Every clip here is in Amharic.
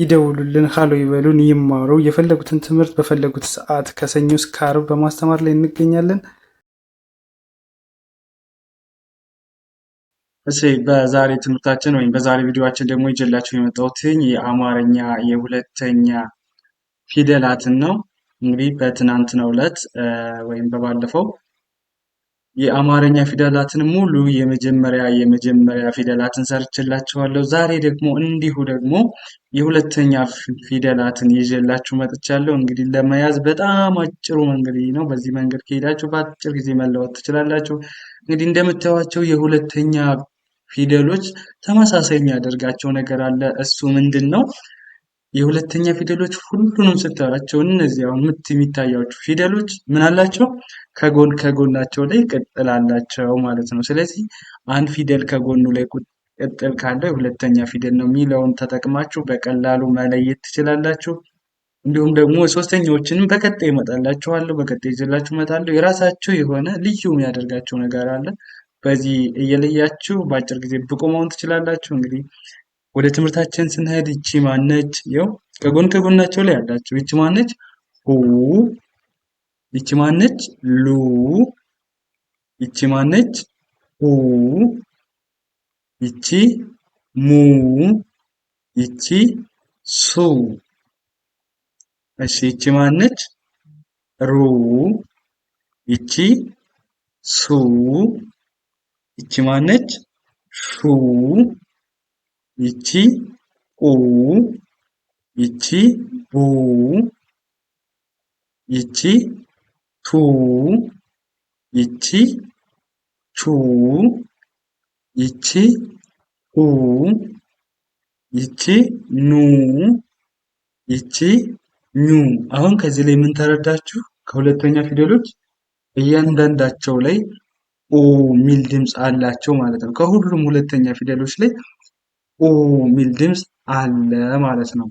ይደውሉልን፣ ሀሎ ይበሉን፣ ይማሩ። የፈለጉትን ትምህርት በፈለጉት ሰዓት ከሰኞ እስከ ዓርብ በማስተማር ላይ እንገኛለን። እሺ በዛሬ ትምህርታችን ወይም በዛሬ ቪዲዮችን ደግሞ ይዤላችሁ የመጣሁትኝ የአማርኛ የሁለተኛ ፊደላትን ነው። እንግዲህ በትናንትናው ዕለት ወይም በባለፈው የአማርኛ ፊደላትን ሙሉ የመጀመሪያ የመጀመሪያ ፊደላትን ሰርችላችኋለሁ። ዛሬ ደግሞ እንዲሁ ደግሞ የሁለተኛ ፊደላትን ይዤላችሁ መጥቻለሁ። እንግዲህ ለመያዝ በጣም አጭሩ መንገድ ነው። በዚህ መንገድ ከሄዳችሁ በአጭር ጊዜ መለወጥ ትችላላችሁ። እንግዲህ እንደምታዩቸው የሁለተኛ ፊደሎች ተመሳሳይ የሚያደርጋቸው ነገር አለ። እሱ ምንድን ነው? የሁለተኛ ፊደሎች ሁሉንም ስታዩቸው እነዚህ አሁን ምት የሚታያቸው ፊደሎች ምን አላቸው? ከጎን ከጎናቸው ላይ ቅጥል አላቸው ማለት ነው። ስለዚህ አንድ ፊደል ከጎኑ ላይ ቅጥል ካለው የሁለተኛ ፊደል ነው የሚለውን ተጠቅማችሁ በቀላሉ መለየት ትችላላችሁ። እንዲሁም ደግሞ ሶስተኛዎችንም በቀጣይ ይመጣላችኋለሁ፣ በቀጣይ ይዤላችሁ እመጣለሁ። የራሳቸው የሆነ ልዩ የሚያደርጋቸው ነገር አለ። በዚህ እየለያችሁ በአጭር ጊዜ ብቁ መሆን ትችላላችሁ እንግዲህ ወደ ትምህርታችን ስንሄድ ይቺ ማነች? ይኸው ከጎን ከጎናቸው ላይ ያላቸው ይቺ ማነች? ሁ ይቺ ማነች? ሉ ይቺ ማነች? ሁ ይቺ ሙ ይቺ ሱ እሺ ይቺ ማነች? ሩ ይቺ ሱ ይቺ ማነች? ሹ ይቺ ኡ ይቺ ቡ ይቺ ቱ ይቺ ቹ ይቺ ሁ ይቺ ኑ ይቺ ኙ። አሁን ከዚህ ላይ ምን ተረዳችሁ? ከሁለተኛ ፊደሎች እያንዳንዳቸው ላይ ኡ የሚል ድምፅ አላቸው ማለት ነው። ከሁሉም ሁለተኛ ፊደሎች ላይ ኡ የሚል ድምፅ አለ ማለት ነው።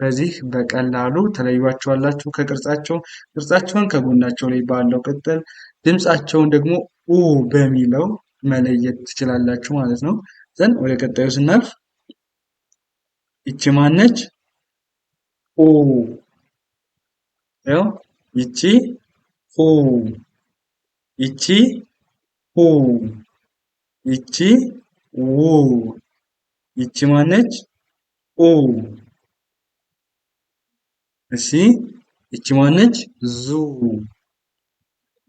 በዚህ በቀላሉ ተለዩዋቸዋላችሁ ከቅርጻቸው ቅርጻቸውን ከጎናቸው ላይ ባለው ቅጥል ድምፃቸውን ደግሞ ኡ በሚለው መለየት ትችላላችሁ ማለት ነው። ዘንድ ወደ ቀጣዩ ስናልፍ ይቺ ማነች? ኡ ያው ይቺ ሁ ይቺ ሁ ይቺ ው ይቺ ማነች? ኡ እሺ ይቺ ማነች? ዙ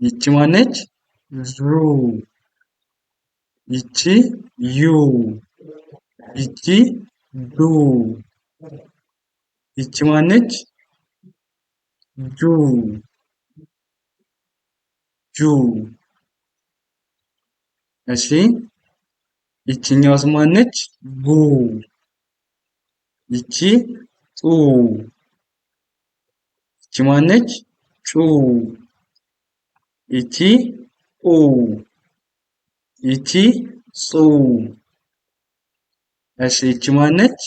ይቺ ማነች? ዙ ይቺ ዩ ይቺ ዱ ይቺ ማነች? ጁ ጁ እሺ ይችኛውስ ማነች? ጉ ይቺ ጡ ይቺ ማነች? ጩ ይቺ ኡ ይቺ ጹ እሺ ይቺ ማነች?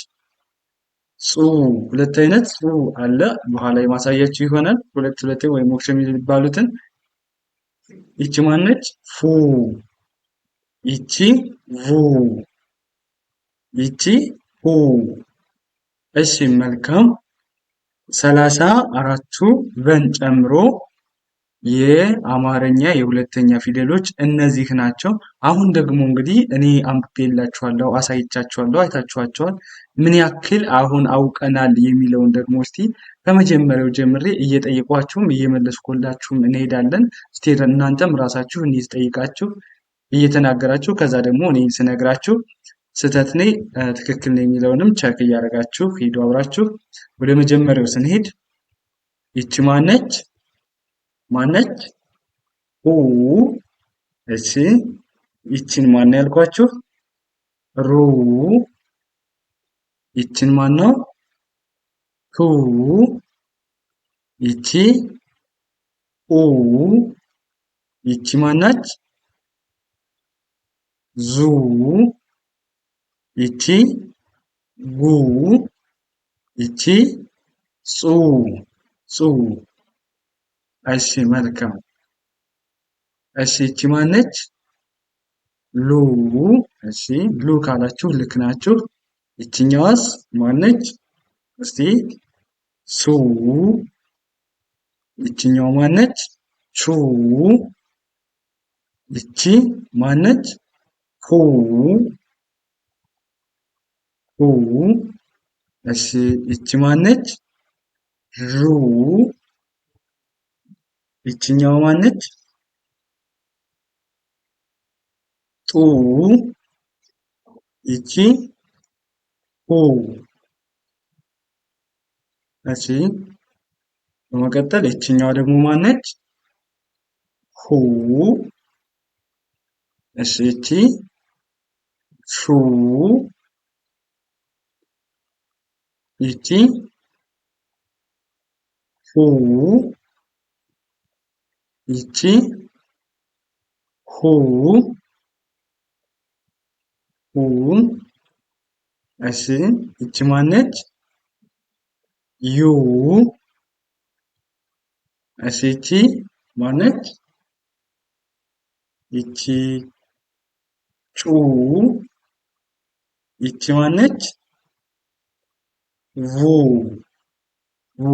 ጹ ሁለት አይነት ጹ አለ። በኋላ የማሳያችሁ ይሆናል። ሁለት ሁለት ወይም ሞክሸም የሚባሉትን ይቺ ማነች? ፉ ይቺ ቡ ይቺ ሁ እሺ መልካም ሰላሳ አራቱ ቨን ጨምሮ የአማርኛ የሁለተኛ ፊደሎች እነዚህ ናቸው። አሁን ደግሞ እንግዲህ እኔ አንብቤላችኋለሁ፣ አሳይቻችኋለሁ፣ አይታችኋቸዋል። ምን ያክል አሁን አውቀናል የሚለውን ደግሞ እስቲ ከመጀመሪያው ጀምሬ እየጠየቋችሁም እየመለስኩላችሁም እንሄዳለን። እስቲ እናንተም ራሳችሁ እንድትጠይቃችሁ እየተናገራችሁ ከዛ ደግሞ እኔ ስነግራችሁ ስህተት ነኝ ትክክል ነኝ የሚለውንም ቸክ እያደረጋችሁ ሂዱ አብራችሁ። ወደ መጀመሪያው ስንሄድ ይቺ ማነች? ማነች? ኡ እሺ፣ ይቺን ማን ነው ያልኳችሁ? ሩ ይቺን ማን ነው? ቱ ይቺ ኡ ይቺ ማናች? ዙ ይቺ ጉ ይቺ ጹ ጹ እሺ መልካም እሺ ይቺ ማነች? ሉ እሺ ሉ ካላችሁ ልክ ናችሁ። ይቺኛዋስ ማነች? እስቲ ሱ ይቺኛው ማነች? ቹ ይቺ ማነች? ሁ ሁ እሺ ይቺ ማነች? ሩ ይቺኛዋ ማነች? ጡ ይቺ ሁ እሺ በመቀጠል ይችኛዋ ደግሞ ማነች? ሁ እሺ ይቺ ሹ ይቺ ሁ ይቺ ሁ ሁ እሺ ይቺ ማነች? ዩ እሺ ይቺ ማነች? ይቺ ጩ ይቺዋነች ቡ ቡ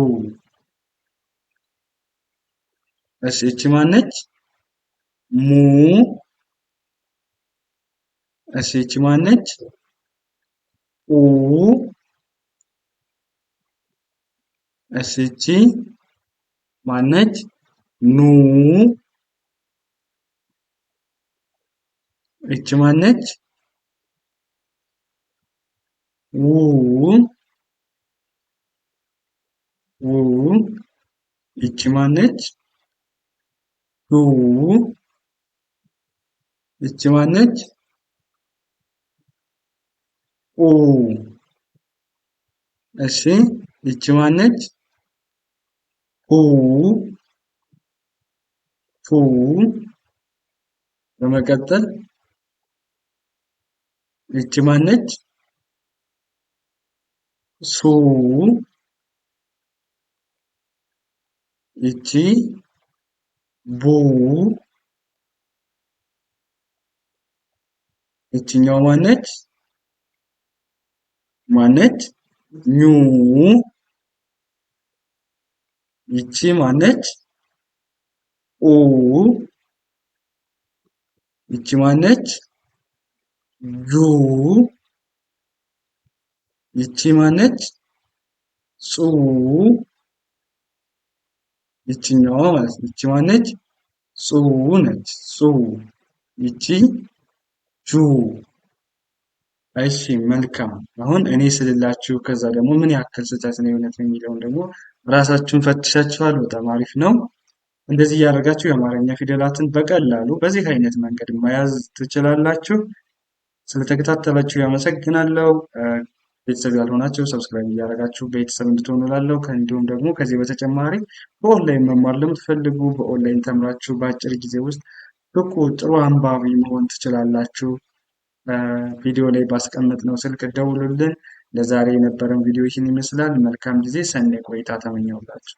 እሺ እቺ ማነች? ሙ እሺ እቺ ማነች? ኡ እሺ እቺ ማነች? ኑ እቺ ማነች? ው ው ይቺ ማነች? ዱ ማነች? ኡ ማነች? ሁ ፉ በመቀጠል su ichi bu ichኛው ማነች ማነች ኙ ይቺ ማነች ኡ ይቺ ማነች ጁ ይቺ ማነች? ጹ ይችኛዋ ማለት ነው። ይቺ ማነች? ጹ ነች። ጹ ይቺ ጁ። እሺ መልካም። አሁን እኔ ስልላችሁ ከዛ ደግሞ ምን ያክል ስህተት ነው የእውነት የሚለውን ደግሞ ራሳችሁን ፈትሻችኋል። በጣም አሪፍ ነው። እንደዚህ እያደረጋችሁ የአማርኛ ፊደላትን በቀላሉ በዚህ አይነት መንገድ መያዝ ትችላላችሁ። ስለተከታተላችሁ ያመሰግናለሁ። ቤተሰብ ያልሆናቸው ሰብስክራይብ እያደረጋችሁ ቤተሰብ እንድትሆኑ እላለሁ። ደግሞ ከዚህ በተጨማሪ በኦንላይን መማር ለምትፈልጉ በኦንላይን ተምራችሁ በአጭር ጊዜ ውስጥ ብቁ ጥሩ አንባቢ መሆን ትችላላችሁ። ቪዲዮ ላይ ባስቀመጥ ነው ስልክ ደውሉልን። ለዛሬ የነበረን ቪዲዮ ይህን ይመስላል። መልካም ጊዜ፣ ሰኔ ቆይታ ተመኘሁላችሁ።